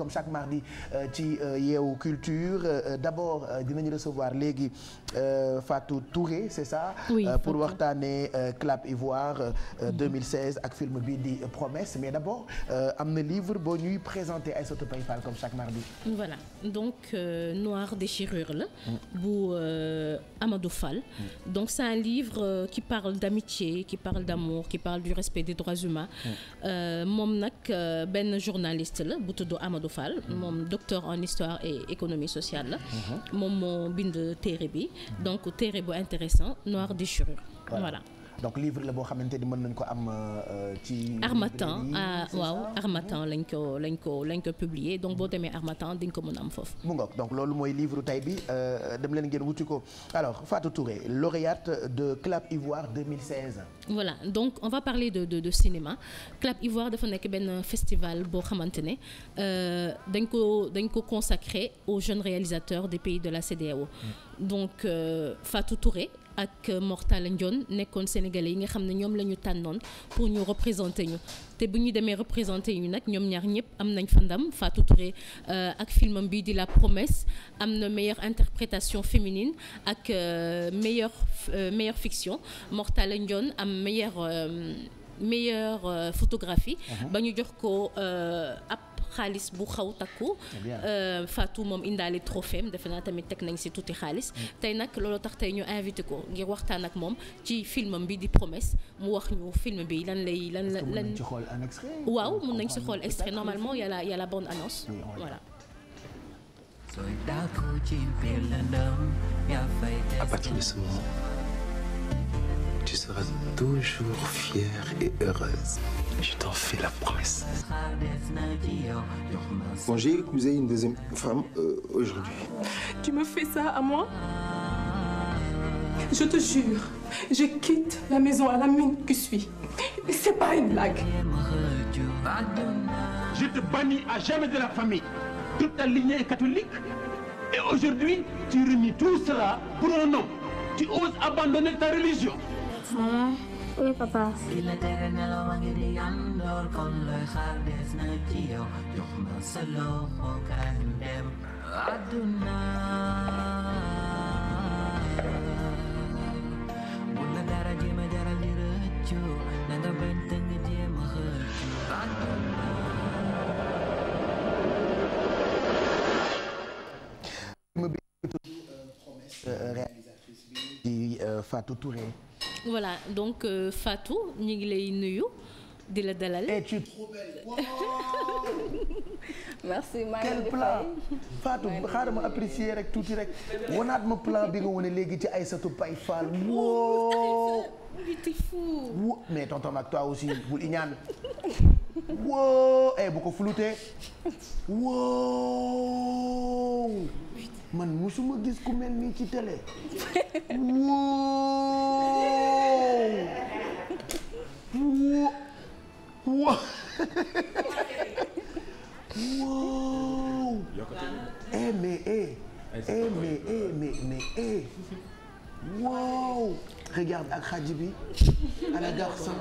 comme chaque mardi euh, ci euh, yeewu culture euh, d'abord dinañu recevoir léegi Fatou Touré c'est ça pour waxtaanee Clap Ivoire 2016 mm-hmm. ak film bi di Promesse mais d'abord am na livre boo ñuy présenté Aïssatou Paye Fall comme chaque mardi voilà donc Noir déchirure la mm. bu Amadou Fall mm. donc c'est un livre qui parle d'amitié qui parle d'amour qui parle du respect des droits humains mm. moom nag benn journaliste la Fall mhm. moom docteur en histoire et économie sociale la mhm. moom moo bind téere bi donc téere bu intéressant noir déchirure voilà donc livre la boo xamante ni mën nañ ko am euh, ci. Harmattan ah, waaw Harmattan lañ ko lañ ko lañ ko publier donc boo mm-hmm. demee Harmattan di nga ko mën am foofu. mu ngoog donc loolu mooy livre tay bi euh, dem leen ngeen wuti ko alors Fatou Touré lauréate de Clap Ivoire 2016. voilà donc on va parler de de de nekk benn festival boo xamante ne euh, dañ ko dañ ko consacré aux jeunes réalisateurs des pays de la CEDEAO. Mm. donc Fatou Touré. ak Mortala Ndione nekkoon sénégalais yi nga xam ne ñoom la ñu tànnoon pour ñu représenter ñu te bu ñu demee représenter ñu nag ñoom ñaar ñëpp am nañ fa ndam Fatou Touré euh, ak filmam bi di La Promesse am na meilleure interprétation féminine ak euh, meilleure euh, meilleure fiction Mortala Ndione am meilleure meilleure photographie uh-huh. ba ñu jox ko ab xaalis bu xaw takku. Eh euh, Fatou moom indaale trophée defe naa tamit teg nañ si tuuti xaalis. Mm. tey nag loolu tax tey ñu invité ko ngir waxtaan ak moom ci film bi di promesse mu wax ñu film bi lan lay lan la lan. waaw mun nañ si xool extrait normalement y a la y a la annonce voilà. Je t'en fais la promesse. Bon, j'ai euh, à moi Je te la maison à la mine que suis. C'est pas une blague. Je te de la famille. Toute ta lignée est catholique. Et aujourd'hui, tu réunis tout cela pour Tu oses abandonner ta religion. Uy, papa. di la tere nelaw a ngi di yandoor kon looy xaar des na ci yow jox ma sa loxo kan dem àdduna bu la dara jéem a jaral di rëccu na nga bañ te nga jéem a xëccu àdduna promesse réalisatrice bi di Fatou Touré voilà donc euh, ñu ngi lay nuyu di la dalal. et tu es trop xaaral ma apprécier rek tuuti rek wanaat ma plan bi nga wane léegi ci ay Paye Fall. woo t'es mais tonton ak toi aussi bul iñaan woo eh bu ko flouté woo. man musuma gis ku mel nii ci télé wow wow wow wow eh mais eh eh, eh mais eh mais mais eh wow regarde ak xaji bi à la garçon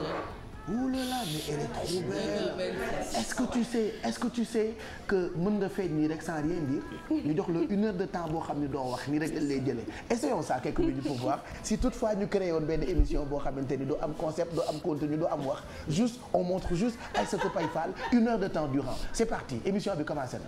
Ouh là là mais elle est trop belle est-ce que tu sais est-ce que tu mën nga feeñ nii rek sans rien dire ñu jox la une heure de temps boo xam ne doo wax nii rek lay jëlee essayons ça quelques minutes pour si toutefois ñu créé woon benn émission boo xamante ni doo am concept doo am contenu doo am wax juste on montre juste Aïssatou Paye Fall une heure de temps durant c'est parti émission bi commencé na.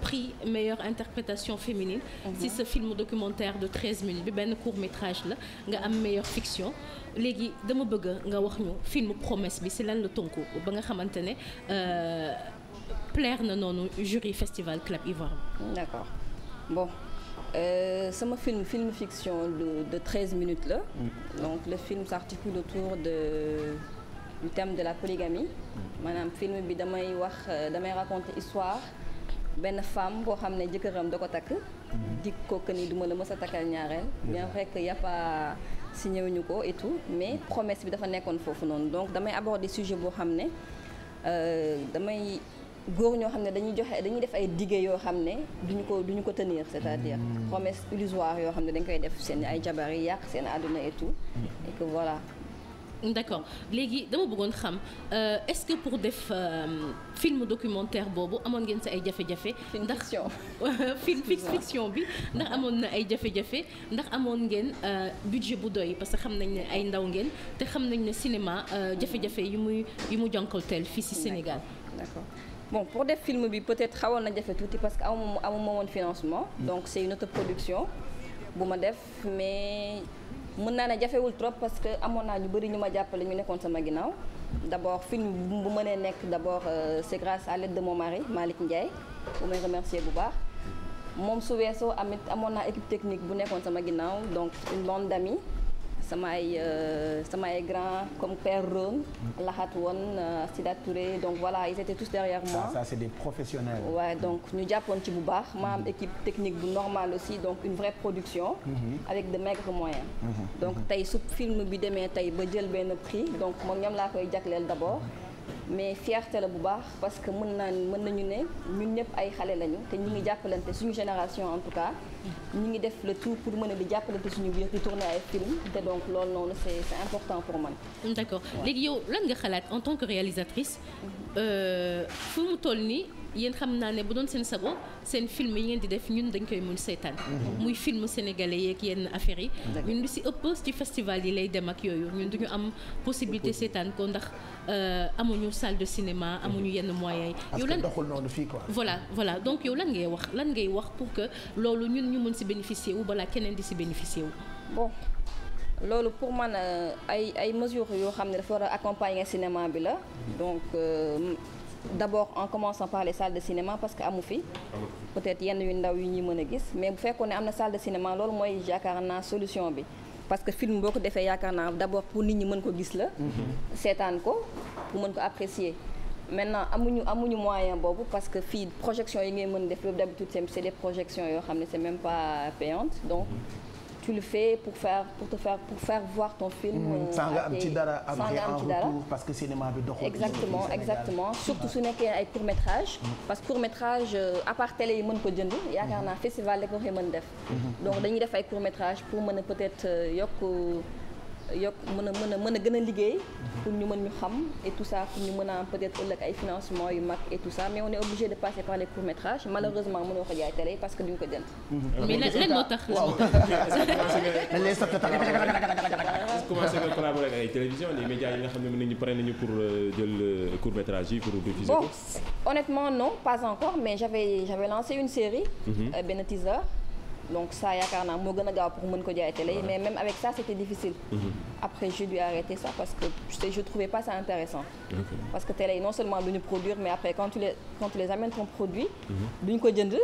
prix meilleure interprétation féminine mhm. si sa film documentaire de 13 minutes bi benn court métrage la nga am meilleure fiction léegi dama bëgg nga wax ñu film promesse bi si lan la tënku ba nga xamante ne euh, plaire na noonu jury festival Clap Ivoire d'accord bon Euh, sama film film fiction de 13 minutes la mhm. Donc le film s'articule autour de du thème de la polygamie. Mhm. maanaam film bi damay wax euh, damay raconter histoire. benn femme boo xam ne jëkkëram da ko takk mhm. di ko que ni du ma la mës a takkal ñaareel bien vrai que y a pas ko et mais promesse bi dafa nekkoon foofu noonu donc damay aborder sujet boo xam ne euh, damay góor ñoo xam ne dañuy joxe dañuy def ay dige yoo xam ne duñu ko duñu ko tenir c'est-à-dire mhm. promesse illusoire yoo xam ne dañ koy def seen ay jabar yi yàq seen àdduna et tout d'accord léegi dama bëggoon xam euh, est-ce que pour def euh, film documentaire boobu amoon ngeen sa ay jafe-jafe. ndax film fiction bi ndax amoon na ay jafe-jafe ndax amoon ngeen euh, budget bu doy parce que xam nañ ne ay ndaw ngeen te xam nañ ne cinéma jafe-jafe yu muy yu mu jànkonteel fii ci Sénégal. d'accord bon pour def film bi peut-être xawoon na jafe tuuti parce que amuma amuma woon financement. Mm. donc c'est une production bu ma def mais. mën naa ne jafewul trop parce que amoon naa ñu bëri ñu ma jàppale ñu nekkoon sama ginnaaw d' abord film bu mënee nekk d' abord euh, c' est grâce à l' aide de mon mari Malick bu may remercier bu baax moom su weesoo amit amoon naa équipe technique bu nekkoon sama ginnaaw donc une bande sama ay euh, sama ay comme Père Rome. Mm. Lahat Won euh, Sida Touré donc voilà ils étaient tous derrière moi. ça ça c'est donc ñu jàppoon ci bu baax. ma am mm-hmm. équipe technique bu normale aussi donc une vraie production. Mm-hmm. avec de maigres moyens. Mm-hmm. donc tey su film bi demee tey ba jël benn prix donc moom ñoom laa koy jagleel d'abord. mais fierté la bu baax parce que mën naa mën nañu ne ñun ñëpp ay xale lañu te ñu ngi jàppalante suñu génération en tout cas ñu ngi def le tout pour mën a di jàppalante suñu biir di tourner ay film te donc loolu noonu c'est c'est important pour man. d'accord léegi yow lan nga xalaat en tant que réalisatrice euh, fu mu toll nii. yéen xam naa ne bu doon seen sago seen film yi ngeen di def ñun dañ koy mun seetaan. Mhm. muy film sénégale yeeg yenn affaires yi. ñun lu si ëpp ci festival yi lay dem ak yooyu ñun duñu am possibilité seetaan ko ndax euh, amuñu salle de cinéma mhm. amuñu yenn moyen yi. yow lan doxul noonu fii ko voilà voilà donc yow lan ngay wax lan ngay wax pour que loolu ñun ñu mun si bénéficier wu balaa keneen di si bénéficier wu. bon loolu pour man euh, ay ay mesures yoo xam ne dafa war a accompagner cinéma bi la mhm. donc. Euh, d'abord en commençant par les salles de cinéma parce que amu fi peut-être yenn yu ndaw yu ñuy mën a gis mais bu fekkoon ne am na salle de cinéma loolu mooy yaakaar naa solution bi parce que film boo ko defee yaakaar naa d'abord pour nit ñi mën ko gis la mhm. seetaan ko pour mën ko apprécier maintenant amuñu amuñu moyen boobu parce que fii projection yi ngay mën def yoobu d'habitude c'est des projections yoo xam ne c'est même pas payante donc mhm. tu le fais pour faire pour te faire pour faire voir ton film. Hmm, euh, sans nga am ci dara am en retour exactement exactement surtout su nekkee ay court métrage. Hmm. parce que court métrage euh, à part télé yi mën ko jënd. yaakaar hmm. naa festival la ko mën def. donc dañuy def ay court métrage pour mën a être euh, yokk. yokk mën a mën a gën a liggéey pour ñu mën ñu xam et tout ça pour ñu mën a peut-être ëllëg ay financement yu mag et tout ça mais on est obligé de passer par les courts métrages malheureusement mënoo ko jaay télé parce que duñ ko jënd. mais lan lan moo tax. waaw dañ ay télévision les médias yi nga xam ne mën nañu pare nañu pour euh, jël euh, court métrage yi pour diffuser ko. honnêtement non pas encore mais j'avais j'avais lancé une série. Mhm. Euh, benn donc ça yaakaar naa moo gën a gaaw pour mën ko jaay télé mais même avec ça c'était difficile mm-hmm. après je dû arrêter ça parce je trouvais pas intéressant parce que télé non seulement duñu produire mais après quand tu les quand tu les amènes ton produit mm-hmm. duñ ko jënd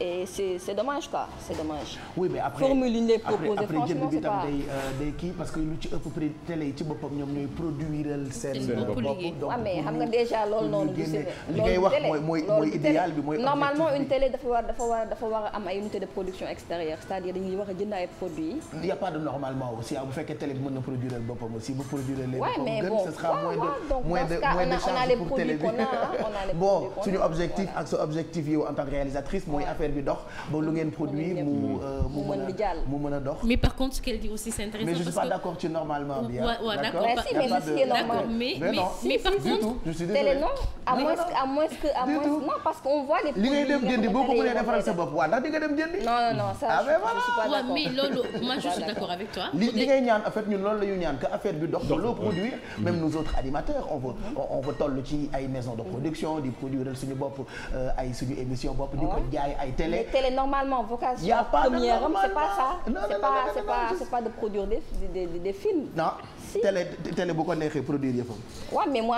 et c'est c'est dommage quoi c'est dommage. oui mais après formule yi ñu lay proposé après jënd bi tam day euh, day kii parce que lu ci ëpp prix télé yi ci boppam ñoom ñooy produiral seen. bopp donc ah, mais xam nga déjà loolu noonu. du si li ngay wax mooy mooy mooy idéal bi mooy. normalement une télé dafa war dafa war dafa war a am ay unité de production extérieure c'est-à-dire dañuy war a jënd ay produits. il y a pas de normalement aussi ah, bu fekkee télé bi mën na produiral boppam aussi bu produiral leen. boppam gën ce sera moins de moins de moins de charge pour télé bi. bon suñu objectif ak sa objectif yow en tant que réalisatrice mooy affaire affaire bi dox ba lu ngeen produit mu mu euh, mën a mu mën a dox. mais par contre ce je suis pas d'accord ci normalement bi. waaw d'accord mais mais mais par contre. je suis désolé non à moins à moins non parce qu'on voit les. li ngay dem jëndi boo ko mënee defaral sa bopp waaw ndax di nga dem jëndi. non non non ça ah, je suis pas d'accord mais loolu moi je suis d'accord avec toi. li li ngay ñaan en fait ñun loolu la ñu ñaan que affaire bi dox. loo produire mm-hmm. même nous autres animateurs on veut on veut toll ci ay maison de production di produire suñu bopp euh, télé. les télé normalement vocation. y' a pas de normalement c'est pas ça. non non non c'est pas c'est pas de produire des des des films. non. télé télé bu ko neexee produire yëppam. waaw mais mu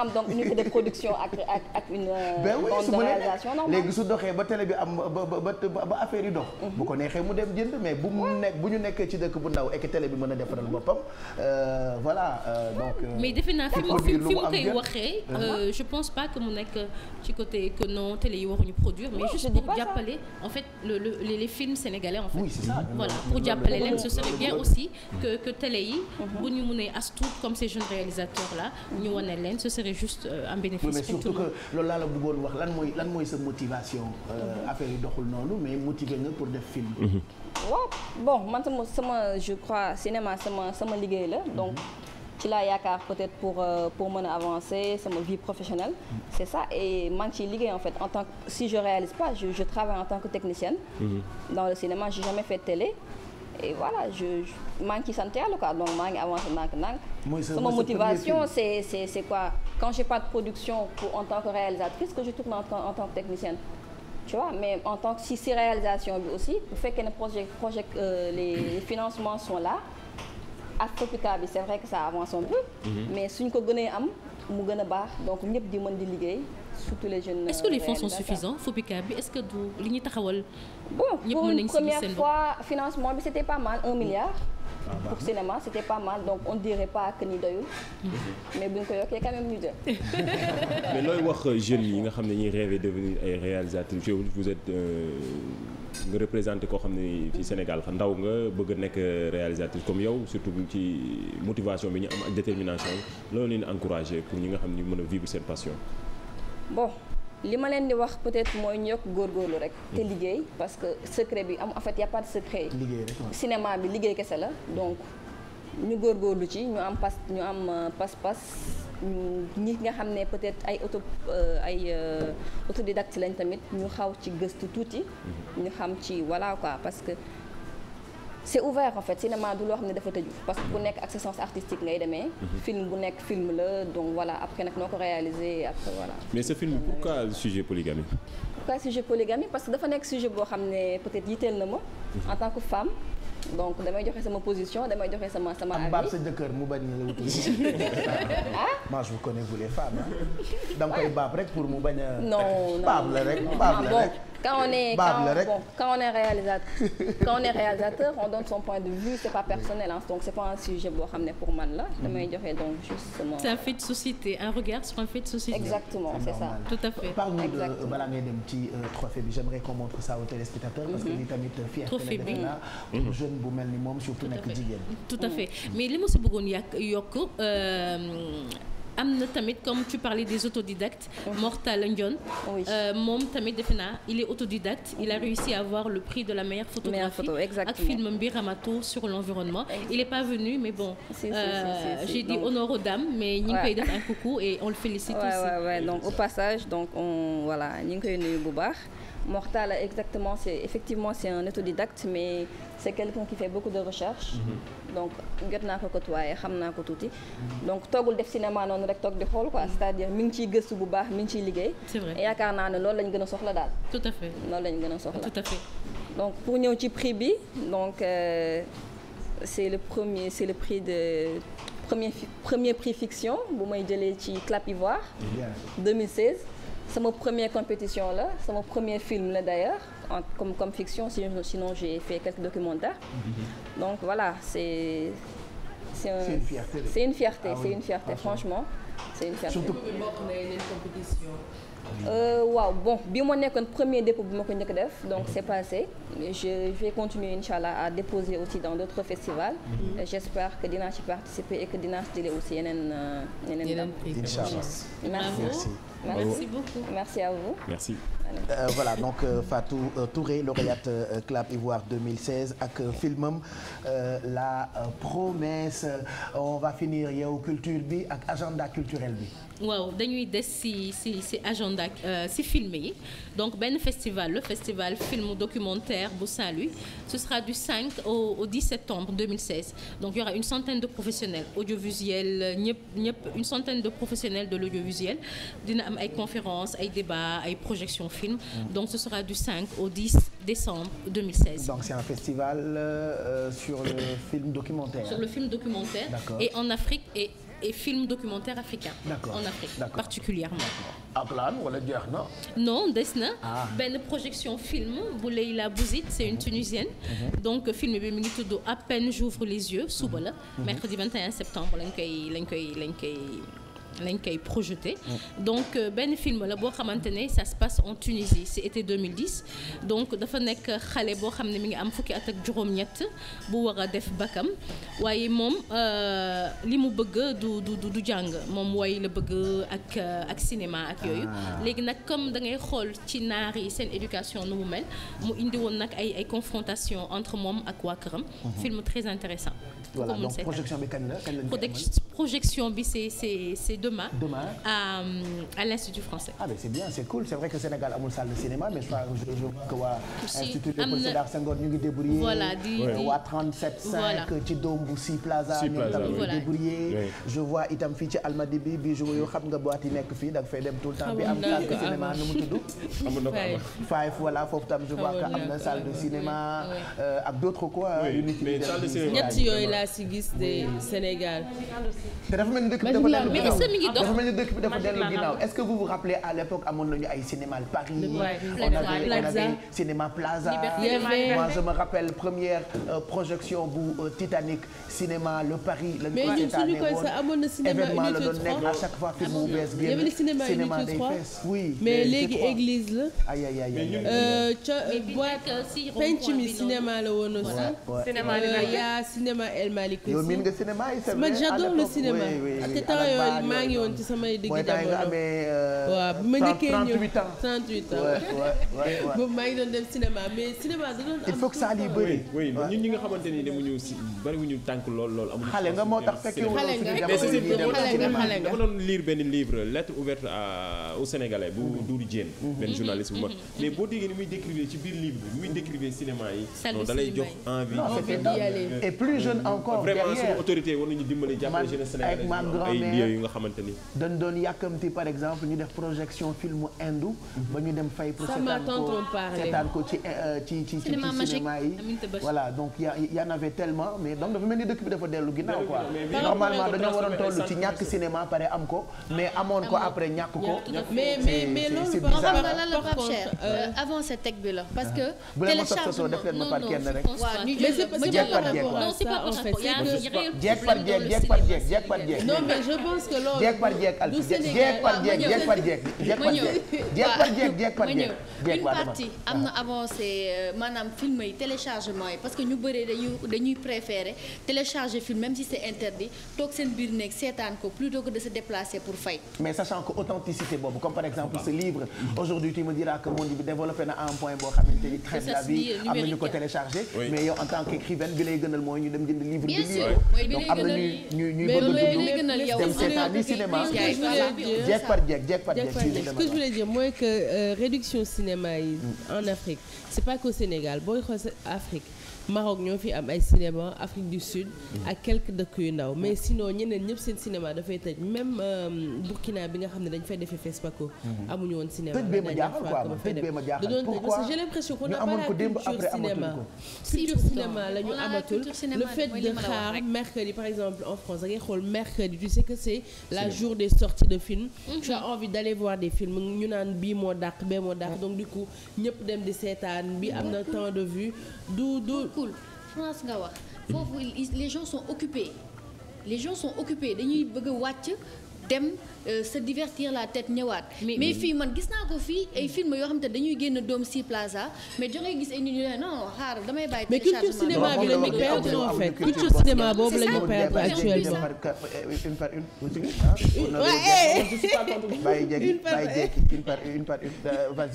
euh, doxee ba télé bi am ba ba ba yi dox. Mhm. bu ko neexee mu dem jënd mais bu mu nekk bu ñu nekkee ci dëkk bu ndaw et que bi mën a defaral boppam euh, voilà euh, mais defe naa fi fi mu koy waxee. Uh-huh. je pense pas que mu nekk ci côté que non télé yi waxuñu produire. mais juste pour jàppale en fait le le les films sénégalais en fait. voilà pour jàppale leen ce serait bien aussi mm-hmm. que que yi. Mm-hmm. bu ñu mënee astu toutes comme ces jeunes réalisateurs là ñu wane leen ce serait juste euh, un bénéfice oui, mais pour tout le monde surtout que la bëggoon wax lan mooy lan mooy sa motivation. Euh, affaire yi doxul noonu mais motivé nga pour def film. Mhm. waaw bon man sama sama je crois cinéma sama sama liggéey la mhm. donc. ci la yaakaar peut-être pour euh, pour mën a avancer sama vie professionnelle mhm. c'est ça et maa ngi ciy liggéey en fait en tant que si je réalise pas je, je travaille en tant dans le cinéma j'ai jamais fait télé e voilà je maa ngi ciy sant yàlla quoi donc maa ngi avancé ndànk-ndànk. mooy sama motivation c'est c'est c'est quoi quand j'ai pas de production pour en tant que réalisatrice que je tourne en tant en tant que technicienne. tu mais en tant si si réalisation bi aussi bu fekkee ne projet projet les euh, financements sont là ak Africa bi se vrai que ça avance un peu. Mm-hmm. mais suñ ko gënee am mu gën a baax donc ñëpp di mën di liggéey. surtout les jeunes. est-ce que les fonds euh, sont suffisants FOPICA bi est-ce que du li ñuy taxawal. ñëpp mën nañu bon pour première fois financement bi c'était pas mal un milliard. Ah, pour cinéma c'était pas mal donc on dirait pas que ni doyul. Mhm. mais buñ ko yokkee quand même mais looy wax euh, jeunes yi nga xam ne ñuy rêver devenir ay réalisateurs vous êtes euh, nga représenté koo xam ne ci Sénégal xam ndaw nga bëgg a nekk réalisatrice comme yow surtout ci motivation bi ñu am ak détermination loolu leen encourager pour ñi nga xam ne ñu mën a vivre seen passion. bon li ma leen di wax peut-être mooy ñu yokk góorlu rek te liggéey parce que secret bi am en fait y secret liggéey rek bi liggéey kese la donc ñu góor góorlu ci ñu am pas ñu am euh, pas-pas ñi nga xam ne peut-être ay auto euh, ay euh, ci lañ tamit ñu xaw ci gëstu tuuti mm-hmm. ñu xam ci voilà quoi parce que c' est ouvert en fait cinéma du loo xam ne dafa tëju parce que bu nekk ak sa sens artistique ngay demee. Mhm. film bu nekk film la donc voilà après nag noo ko réaliser après voilà. mais ce film pourquoi sujet polygamie. pourquoi sujet polygamie parce que dafa nekk sujet boo xam ne peut-être yitteel na ma. Mhm. en tant que femme. donc damay joxe sama position damay joxe sama sama avis. am baab sa jëkkër mu bañ la wut. ah. moi je vous connais vous les femmes ah. da rek pour mu bañ a. non non baab la rek quand on est quand on, bon, quand on est réalisateur quand on est réalisateur on donne son point de vue c'est pas personnel donc c'est pas un sujet boo xam ne pour man la mhm. damay joxe donc justement c'est un fait de société un regard sur un fait de société exactement c'est ça tout à fait parle-nous de euh, balaa mhm. euh, pour mhm. mel ni moom surtout nekk jigéen tout à fait mais li ma si bëggoon yàq euh, am na tamit comme tu parlais des autodidactes Mor Talla Ndione euh, moom tamit defe naa il est autodidacte il a réussi à avoir le prix de la meilleure photographie ak film bi Ramato sur l'environnement il est pas venu mais bon euh, j'ai dit honneur aux dames mais ñi ngi koy def un coucou et on le félicite aussi donc au passage donc on voilà ngi koy nuyu bu Mortal, exactement, c'est effectivement c'est un autodidacte, mais c'est quelqu'un qui fait beaucoup de recherches. Mhm. donc jot naa ko waaye xam naa ko tuuti. donc toogul def cinéma noonu rek toog di xool quoi c'est-à-dire mi ngi ciy gëstu bu baax mi ngi ciy liggéey. c'est vrai yaakaar naa ne loolu lañ gën a soxla daal. tout à fait loolu lañ gën a soxla. tout à fait donc pour ñëw ci prix bi donc euh, c'est le premier c'est le prix de. premier premier prix fiction bu may jëlee ci Clap Ivoire. 2016. sama première compétition la sama premier film la d'ailleurs en, comme comme fiction sinon, sinon j'ai fait quelques documentaires mhm. donc voilà c'est c'est un, une fierté c'est une fierté, ah, oui. une fierté ah, franchement c'est une fierté Euh, waaw bon bi ma nekkoon premier dépôt bi ma ko njëkk def donc c'est passé je vais continuer incha allah à déposer aussi dans d'autres festivals. Mhm. j'espère que dinaa ci participer que dinaa ci jëlee aussi yeneen euh, yeneen. yeneen prix incha allah merci merci beaucoup merci vous. Euh, voilà donc euh, Fatou euh, Touré lauréate CLAP Ivoire 2016 ak filmam La Promesse on va finir yow culture bi ak agenda culturel bi. waaw dañuy des ci ci ci agenda ci film yi donc benn festival le festival film documentaire bu Saint-Louis ce sera du 5 au au 10 septembre 2016 donc il y aura une centaine de professionnels audiovisuels ñëpp ñëpp une centaine de professionnels de l'audiovisuel dina am ay conférences ay débats ay projections film. Mm. donc ce sera du 5 au 10 décembre 2016. donc c'est un festival euh, euh, sur le film documentaire. sur le film documentaire. et en Afrique et film documentaire africain. en Afrique particulièrement. non des na. Ah. benn projection film bu la Bouzid c'est une mhm. tunisienne. Mhm. donc film bi mi ngi tudd à peine j'ouvre les yeux suba la. Mhm. mercredi 21 septembre lañ koy lañ koy lañ koy. lañ koy projeté donc euh, benn film la boo xamante ne ça se passe en Tunisie c' était 2010 donc dafa nekk xale boo xam ne mu ngi am fukki at ak juróom-ñett bu war a def bakkam waaye moom euh, li mu bëgg du du du jàng moom way la bëgg ak euh, ak cinéma ak yooyu ah. léegi nag comme da ngay xool ci naar yi seen éducation nu mu mel mu indi woon nag ay ay confrontation entre moom ak waa këram mhm. film très intéressant projection bi kañ la projection demain. demain à, euh, à l'Institut français. ah mais c'est bien c'est cool c'est vrai que Sénégal amul salle de cinéma mais je crois je vois que waa. de Sédar euh, ci doom bu Plaza. Sea Plaza ñu ngi débrouillé. itam fii ci Almadibi bi jour yoo xam nga boîte yi nekk fii da dem tout le temps. de cinéma nu mu tudd. amul voilà foofu tam je vois que de cinéma euh, ak d'autres quoi. yu nit yi ñett yooyu laa si gis de Sénégal. mi ngi dox dafa est-ce que vous vous rappelez à l'époque amoon nañu ay cinéma Paris. Plaza. première euh, projection bu euh, Titanic cinéma le Paris. la ñu ko étané la doon nekk à chaque fois film bu bees génn cinéma day fees. oui mais léegi église la. ay ay ay ca euh, penc mi cinéma la woon aussi. cinéma yaa cinéma El Malick aussi. yow miin nga cinéma yi c'est maa ngi woon ci samay digg jamono nga amee. Euh, waaw bu ma njëkkee ñëw 38 ans 38 ans. boobu maa ngi doon dem cinéma ñi nga xamante ni demuñu si bariwuñu tànk lool lool. amuñu xale nga moo tax fekkewu xale nga xale nga dama doon lire benn livre lettre ouverte bu mhm. Doudou Diène. Mhm. benn mhm. journaliste bu mag mais boo déggee ni muy décrivee ci biir livre bi muy décrivee cinéma yi. non da lay jox envie. et plus jeune encore autorité war nañu dimbali jàppale jeunesse sénégalaise ay nga xamante xamante ni. dañ doon yàkkamti par exemple ñu def projection filmu Hindu. ba ñu dem fay pour ko seetaan ko ci euh, ci ci ci cinéma yi. voilà donc y' a y' en avait tellement mais donc dafa mel ni dëkk bi dafa dellu ginnaaw quoi. normalement dañoo waroon toll ci ñàkk cinéma pare am ko. Ah, mais amoon ko après ñàkk ko. mais mais mais loolu xam nga lan la euh, euh, teg bi la. parce que ah. téléchargement non non non c'est pas par rapport. jeeg par jeeg jeeg par jeeg non mais je pense que loolu. jeeg par jeeg al jeeg par ah, jeeg jeeg par jeeg jeeg par jeeg jeeg par jeeg une partie am na avancé euh, maanaam film yi téléchargement yi parce que ñu bëree dañuy dañuy préférer télécharger film même si c'est interdit toog seen biir nekk seetaan ko plutôt que de se déplacer pour fay mais sachant que authenticité boobu comme par exemple ce livre aujourd'hui tu me diras que monde bi développé na un point boo xamante ni traite la vie am na ñu ko télécharger mais yow en tant qu'écrivaine bi lay gënal mooy ñu dem jënd livre bi lire donc am na ñuy ñuy bëgg a dund dem seetaan cinéma jeeg par jeeg jeeg par jeeg ce que je voulais dire mooy que euh, réduction cinéma yi mm. en Afrique c'est pas qu'au Sénégal booy xool Afrique Maroc ñoo fi am ay cinéma Afrique du Sud mm-hmm. ak quelques dëkk yu ndaw mais sinon ñeneen ñëpp seen cinéma dafay tëj même euh, Burkina bi nga xam ne dañ fay defee FESPACO mm-hmm. amuñu woon cinéma da doon tëj parce que j'ai l'impression qu'on n'a pas la culture par exemple xool mercredi la jour des sorties de films mm-hmm. tu as envie naan bii moo dàq bee moo dàq donc du coup ñëpp dem di seetaan bi am na temps de vue du du cool France nga wax foofu les gens sont occupés les gens sont occupés dañuy bëgg a wàcc dem euh, se divertir la tête ñëwaat. mais fii man gis naa ko fii ay film yoo xam te dañuy génn doom si plaza mais joxe gis ay nit ñu ne non xaar damay bàyyi. mais culture cinéma bi la ñu perdre en fait culture cinéma boobu la ñu perdre actuellement.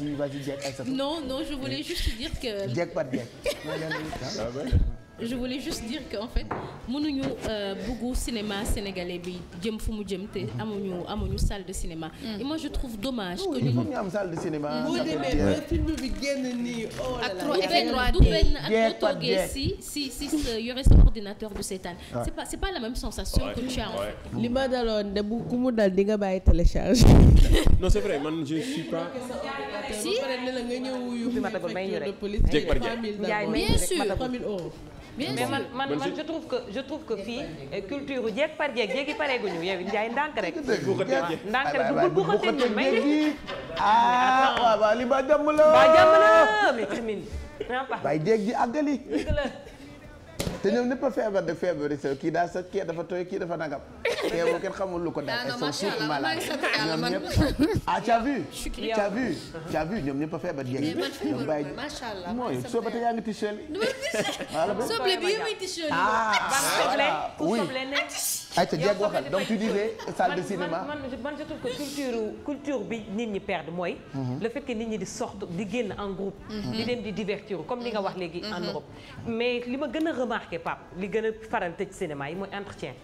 une non non je voulais juste dire que. je voulais juste dire que en fait mënuñu euh, bëggu cinéma sénégalais bi jëm fu mu jëm te amuñu amuñu salle de cinéma. et moi je trouve dommage. que ñu ñu am salle de cinéma. boo demee ba film bi génn oh si si si yore sa ordinateur bu seetaan. c'est pas c'est pas la même sensation. que tu as en fait. li ma daloon de bu ku dal di nga bàyyi télécharge. non c'est vrai man je suis pas. si. bien sûr. bien sûr mais man man je trouve que je eh, culture jeeg par jeeg jeeg yi pareeguñu yow Ndiaye ndànk rek. ndànk rek bu bu xotee ñun may de. ah waaw li ba jàmm la. ba jàmm la mais tamit. bay jeeg ji àggali. te ñoom ñëpp feebar de feebar yi kii daa sa kii tooy kii dafa nagam. teewul kenn xamul lu ko dal. Ah, elles sont toutes malades ñoom ah, vu. tu vu tu vu ñoom ñëpp a feebar jéggi. ñoom bàyyi mooy soo ba tey yaa ngi t-shirt yi. soble bi yëpp ay Aïcha Dieng waxal donc tu disais salle de cinéma man man je trouve que culture bi nit ñi perdre mooy. Mhm. le fait que nit ñi di sorte di génn en groupe. Mhm. di dem di divertir comme li nga wax léegi en mhm. Europe. mais li ma gën a remarqué Pape li gën a faral tëj cinéma yi mooy entretien.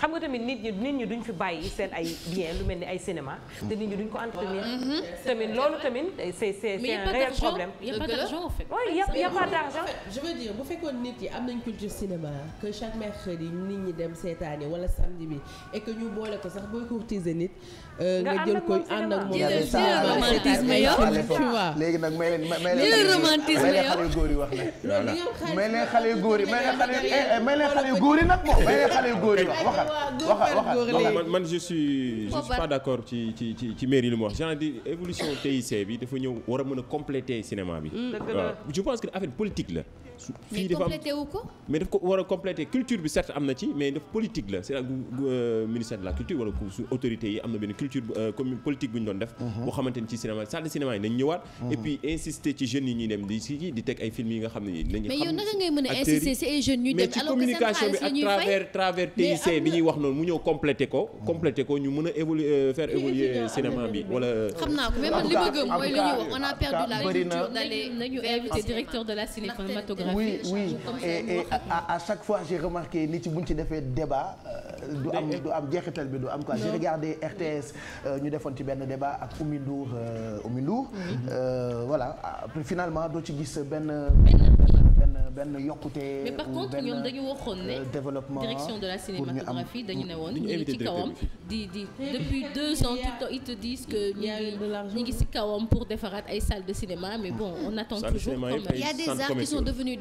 xam nga tamit nit ñi nit ñi duñ fi bàyyi seen ay bien lu mel ni ay cinéma. te nit ñi duñ ko entretenir. Mm-hmm. Mm-hmm. tamit loolu tamit c'est c'est un réel problème. mais y a pas d'argent en fait. oui y a y a pas d'argent. je veux dire bu fekkoon nit yi am nañ culture cinéma que chaque mercredi nit ñi dem wala samedi bi e que ñu boole ko sax booy courtiser nit. Euh, nga jël ko ànd ak moom. jëlal jëlal romantisme yow tu léegi nag may leen may leen xale góor yi wax nag. may leen xale góor eh, eh, yi góor yi nag moom may leen xale góor yi wax waxal waxal waxal. man man je suis je pas d'accord ci ci ci ci mairie li mu wax genre di évolution TIC bi dafa ñëw war a mën a compléter cinéma bi. Mm. Euh, je pense que affaire politique la. fii dafa mais complété ko. war a complété culture bi certes am na ci mais daf politique la cest à euh, ministère la culture wala su autorité yi am na benn culture euh, commune politique bu ñu doon def. Mhm. boo xamante ci cinéma salle de cinéma yi nañ ñëwaat. Mhm. et puis ci jeunes yi ñuy dem di si di teg ay films yi nga xam ne nii xam mais yow xam naa ko mais man li ma gëm mooy li wax on a perdu la culture d'aller nañu invité directeur oui oui et, et à, à chaque fois j'ai remarqué ni ci buñ ci defee débat euh, du am du am jeexital bi du am quoi j'ai regardé RTS euh, ñu defoon ci benn débat ak Oumy Ndour euh, Oumy Ndour mm-hmm. voilà après finalement doo ci gis benn benn benn yokkute. mais par contre ñoom dañu waxoon ne. développement direction de la cinématographie dañu ne woon. ñu ngi ci kawam depuis deux ans ils te disent que ñu ngi ci kawam pour defaraat ay salles de cinéma mais bon on mmh. attend toujours. quand il y a des arts qui sont devenus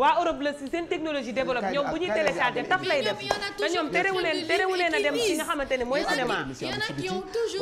waa Europe la si seen technologie développe ñoom bu ñuy taf lay def te ñoom terewuleen terewuleen a dem si nga xamante ne mooy cinéma